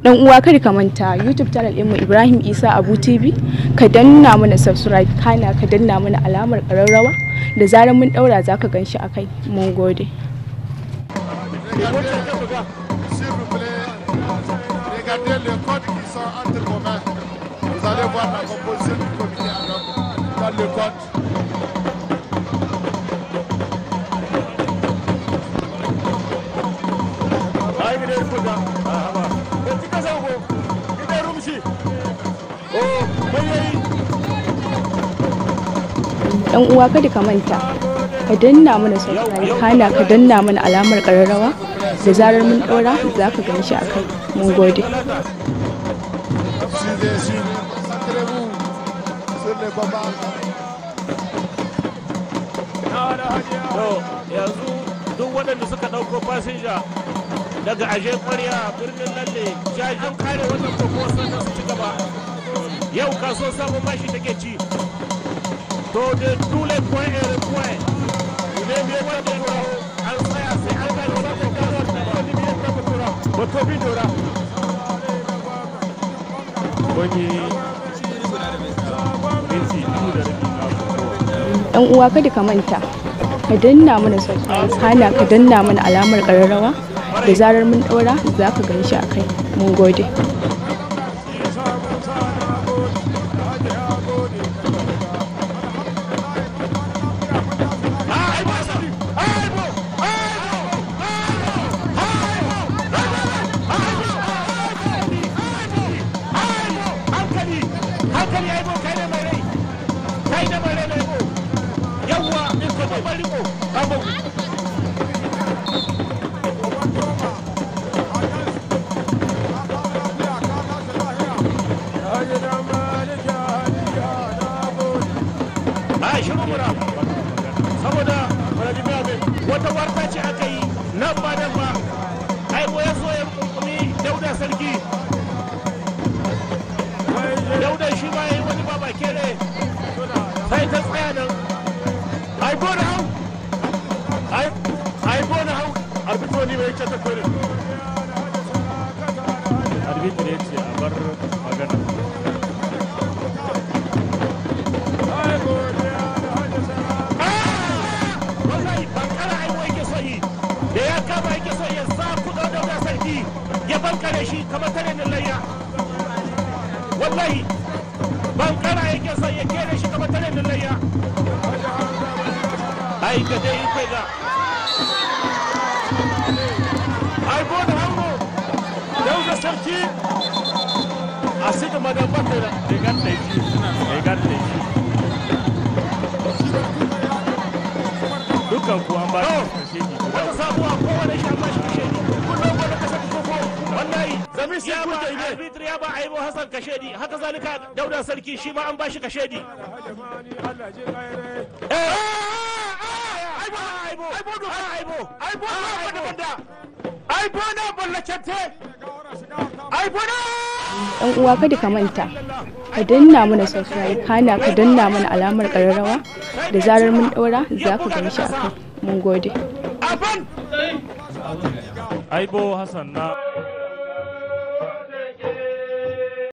dan uwa kada ka manta youtube channel mu ibrahim isa abu tv ka danna mana subscribe kana ka danna mana alamar ƙararrawa da zarar mun ɗaura za ka akai mun gode Vous allez voir la composition du comité dans le Oh, Yan uwa kada ka manta ka danna mana subscribe kana ka danna mana alamar ƙararrawa da zarar mun ɗora za ka gan shi a kai mun gode. yanzu duk waɗanda suka ɗauko fasinja daga aje kwariya birnin lalle jajen kare wannan koko da su ci gaba yau kaso samun bashi take ci to da dole point a point ne ne wanda ya an tsaya sai an gane wata karuwar da ba wani biyar ta tura ba to bi dora wani da yan uwa kada ka manta ka danna mana subscribe hana ka danna mana alamar kararrawa da zarar mun daura za ka gan shi a kai mun gode wata warta ce aka yi nan ba nan ba aiko ya so ya kunkumi dauda sarki dauda shi ya yi wani baba kere sai ta tsaya nan na hau aiko na hau arbitro ne mai cata arbitro ya ce a bar magana shi kamar tare da layya wallahi ban kara yake sai ya kere shi kamar tare da layya ai ka dai kai ga ai go da hango dau da sarki a sika madan bakira da ganta shi ga dai shi dukkan kuwa ba shi arbitri ya ba a yi hassan kashedi haka zalika dauda sarki shi ma an ba shi kashedi Ɗan eh, eh, eh, ah, uwa kada ka manta ka danna mana sosai, kana ka danna mana alamar ƙararrawa da zarar mun ɗaura za ka gamshi shi mun gode. Aibo Hassan na.